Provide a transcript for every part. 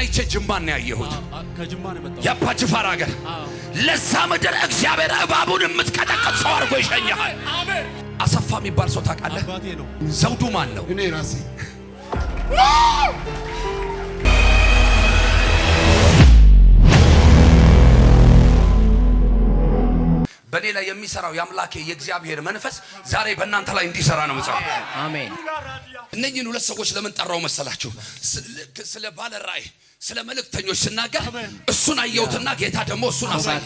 አይቼ ጅማን ነው ያየሁት። የአባ ጅፋር አገር ለዛ ምድር እግዚአብሔር እባቡን የምትቀጠቅጥ ሰው አድርጎ ይሸኛል። አሰፋ የሚባል ሰው ታውቃለህ? ዘውዱ ማን ነው? እኔ ራሴ በእኔ ላይ የሚሰራው የአምላኬ የእግዚአብሔር መንፈስ ዛሬ በእናንተ ላይ እንዲሰራ ነው መጽሐፍ። አሜን። እነኚህን ሁለት ሰዎች ለምን ጠራው መሰላችሁ? ስለ ባለ ራእይ ስለ መልእክተኞች ስናገር እሱን አየሁትና ጌታ ደግሞ እሱን አሳይ።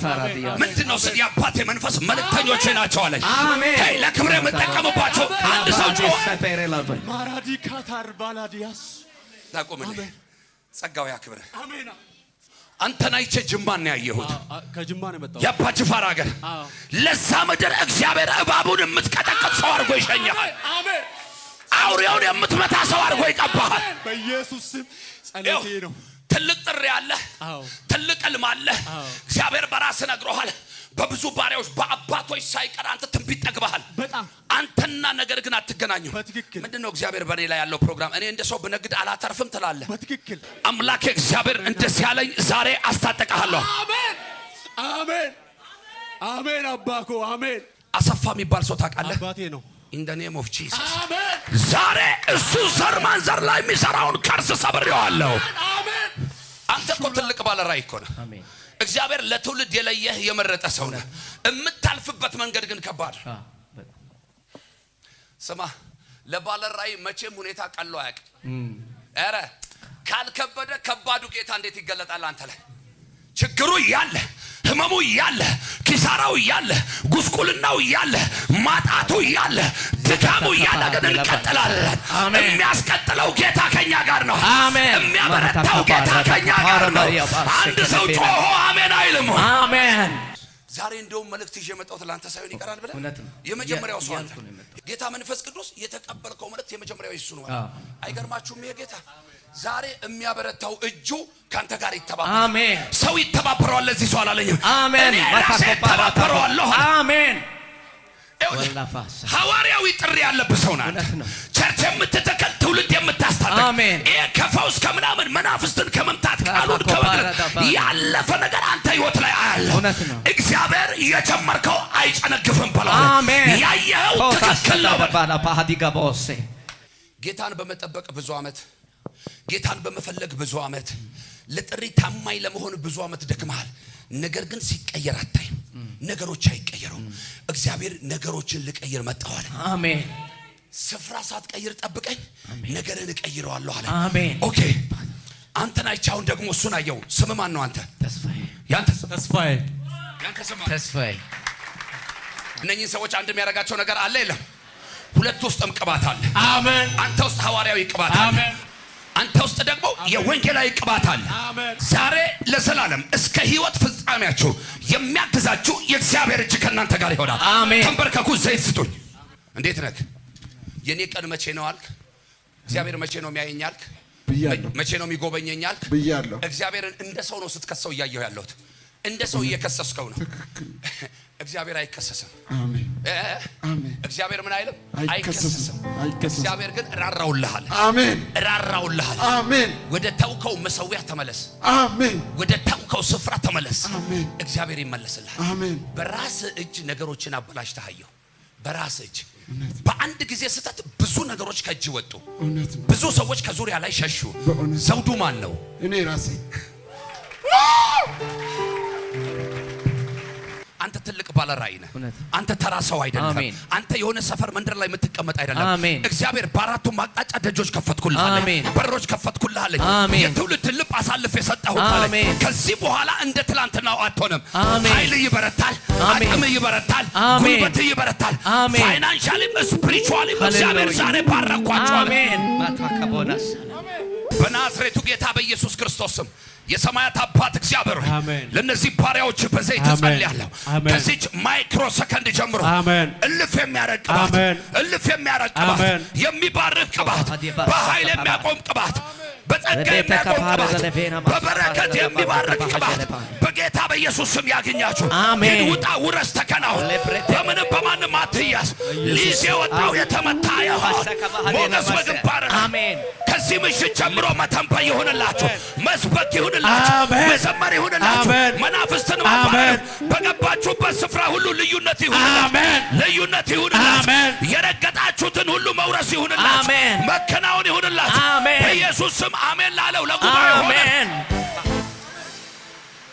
ምንድን ነው ስል የአባቴ መንፈስ መልእክተኞች ናቸው አለኝ። ሄይ ለክብሬ የምጠቀምባቸው አንድ ሰው ጭ ማራዲካታርባላዲያስ ታቆምልኝ። ጸጋው ያክብረ አንተን አይቼ ጅማን ነው ያየሁት፣ የአባ ጅፋር አገር። ለዛ ምድር እግዚአብሔር እባቡን የምትቀጠቅጥ ሰው አድርጎ ይሸኛል። አውሬውን የምትመታ ሰው አድርጎ ይቀባሃል። በኢየሱስ ጸሎቴ ነው። ትልቅ ጥሪ አለ። ትልቅ እልም አለ። እግዚአብሔር በራስ ነግሮሃል። በብዙ ባሪያዎች በአባቶች ሳይቀር አንተ ትንቢት ጠግበሃል። አንተና ነገር ግን አትገናኙ። ምንድን ነው እግዚአብሔር በእኔ ላይ ያለው ፕሮግራም? እኔ እንደ ሰው ብነግድ አላተርፍም ትላለህ። አምላኬ እግዚአብሔር እንደስ ያለኝ ዛሬ አስታጠቀሃለሁ። አሜን፣ አሜን፣ አሜን። አባኮ አሜን። አሰፋ የሚባል ሰው ታውቃለህ? አባቴ ነው ኢን ደ ኔም ኦፍ ጂሰስ ዛሬ እሱ ዘር ማንዘር ላይ የሚሰራውን ከርስ ሰብሬዋለሁ። አንተ እኮ ትልቅ ባለ ራዕይ እኮ ነህ። እግዚአብሔር ለትውልድ የለየህ የመረጠ ሰው ነህ። የምታልፍበት መንገድ ግን ከባድ ስማ፣ ለባለ መቼም ሁኔታ ቀሎ አያውቅም። ኧረ ካልከበደ ከባዱ ጌታ እንዴት ይገለጣል አንተ ላይ ችግሩ እያለ ህመሙ እያለ? ኪሳራው እያለ ጉስቁልናው እያለ ማጣቱ እያለ ድካሙ እያለ ግን እንቀጥላለን። የሚያስቀጥለው ጌታ ከኛ ጋር ነው። የሚያበረታው ጌታ ከኛ ጋር ነው። አንድ ሰው ጮሆ አሜን አይልም። አሜን። ዛሬ እንደውም መልእክት ይዤ የመጣሁት ለአንተ ሳይሆን ይቀራል ብለህ የመጀመሪያው ሰው አንተ ጌታ መንፈስ ቅዱስ የተቀበልከው መልእክት የመጀመሪያው ይሱ ነው። አይገርማችሁም? ይሄ ጌታ ዛሬ የሚያበረታው እጁ ከአንተ ጋር ይተባበራል። ሰው ይተባበረዋል። ለዚህ ሰው አላለኝም። አሜን። ተባበረዋለሁ። አሜን። ሐዋርያዊ ጥሪ ያለብህ ሰው ናት። ቸርች የምትተከል ትውልድ የምታስታጥቅ ይሄ ከፈውስ ከምናምን መናፍስትን ከመምታት ቃሉን ከመቅረት ያለፈ ነገር አንተ ህይወት ላይ አያለሁ። እግዚአብሔር የጀመርከው አይጨነግፍም በለው። ያየኸው ትክክል ነው። ጌታን በመጠበቅ ብዙ ዓመት ጌታን በመፈለግ ብዙ ዓመት ለጥሪ ታማኝ ለመሆን ብዙ ዓመት ደክመሃል። ነገር ግን ሲቀየር አታይም። ነገሮች አይቀየሩም። እግዚአብሔር ነገሮችን ልቀይር መጣዋል። አሜን። ስፍራ ሳትቀይር ጠብቀኝ፣ ነገርን እቀይረዋለሁ አለ። አሜን። ኦኬ። አንተን አይቻሁን ደግሞ እሱን አየው። ስም ማን ነው? አንተ ተስፋዬ። ያንተ ያንተ ስም እነኚህን ሰዎች አንድ የሚያደርጋቸው ነገር አለ የለም? ሁለት ውስጥም ቅባት አለ። አሜን። አንተ ውስጥ ሐዋርያዊ ቅባት አለ። አንተ ውስጥ ደግሞ የወንጌላዊ ቅባት አለ። ዛሬ ለዘላለም እስከ ህይወት ፍጻሜያችሁ የሚያግዛችሁ የእግዚአብሔር እጅ ከእናንተ ጋር ይሆናል። ተንበርከኩ። ዘይት ስጡኝ። እንዴት ነህ? የእኔ ቀን መቼ ነው አልክ። እግዚአብሔር መቼ ነው የሚያየኝ አልክ። መቼ ነው የሚጎበኘኝ አልክ። እግዚአብሔርን እንደ ሰው ነው ስትከሰው እያየሁ ያለሁት እንደ ሰው እየከሰስከው ነው። እግዚአብሔር አይከሰስም። እግዚአብሔር ምን አይልም? አይከሰስም። እግዚአብሔር ግን ራራውልሃል። አሜን። ራራውልሃል። አሜን። ወደ ተውከው መሰዊያ ተመለስ። አሜን። ወደ ተውከው ስፍራ ተመለስ። አሜን። እግዚአብሔር ይመለስልሃል። አሜን። በራስ እጅ ነገሮችን አበላሽተሃየሁ። በራስ እጅ በአንድ ጊዜ ስህተት ብዙ ነገሮች ከእጅ ወጡ። ብዙ ሰዎች ከዙሪያ ላይ ሸሹ። ዘውዱ ማን ነው? እኔ ራሴ አንተ ትልቅ ባለ ነህ። አንተ ተራ ሰው አይደለም። አንተ የሆነ ሰፈር መንደር ላይ የምትቀመጥ አይደለም። እግዚአብሔር በአራቱ ማቅጣጫ ደጆች ከፈትኩልሃለሁ፣ በሮች ከፈትኩልሃለሁ፣ የትውልድ ልብ አሳልፍ የሰጠሁ ከዚህ በኋላ እንደ ትላንት አትሆንም። ኃይል ይበረታል፣ አቅም ይበረታል፣ ጉልበት ይበረታል። ፋይናንሻሊም ስፒሪቹዋሊም እግዚአብሔር ዛሬ ባረኳቸዋል። በናዝሬቱ ጌታ በኢየሱስ ክርስቶስም የሰማያት አባት እግዚአብሔር ሆይ ለነዚህ ባሪያዎች በዘይት ጸልያለሁ። ከዚች ማይክሮ ሰከንድ ጀምሮ እልፍ የሚያረግ ቅባት፣ እልፍ የሚያረግ ቅባት፣ የሚባርክ ቅባት፣ በኃይል የሚያቆም ቅባት በጸጋ የሚያቆርጥባት በበረከት የሚባርክ ቅባት በጌታ በኢየሱስ ስም ያገኛችሁ። ሂድ፣ ውጣ፣ ውረስ፣ ተከናወን። በምንም በማንም አትያዝ። ሊዝ የወጣው የተመታ ይሆን ሞገስ በግንባር ከዚህ ምሽት ጀምሮ መተንበይ ይሁንላችሁ፣ መስበክ ይሁንላችሁ፣ መዘመር ይሁንላችሁ፣ መናፍስትን ማባረር በገባችሁበት ስፍራ ሁሉ ልዩነት ይሁንላችሁ፣ ልዩነት ይሁንላችሁ፣ የረገጣችሁትን ሁሉ መውረስ ይሁንላችሁ፣ መከናወን ይሁንላችሁ። በኢየሱስ ስም አሜን ላለው ለጉባኤ ሆነ።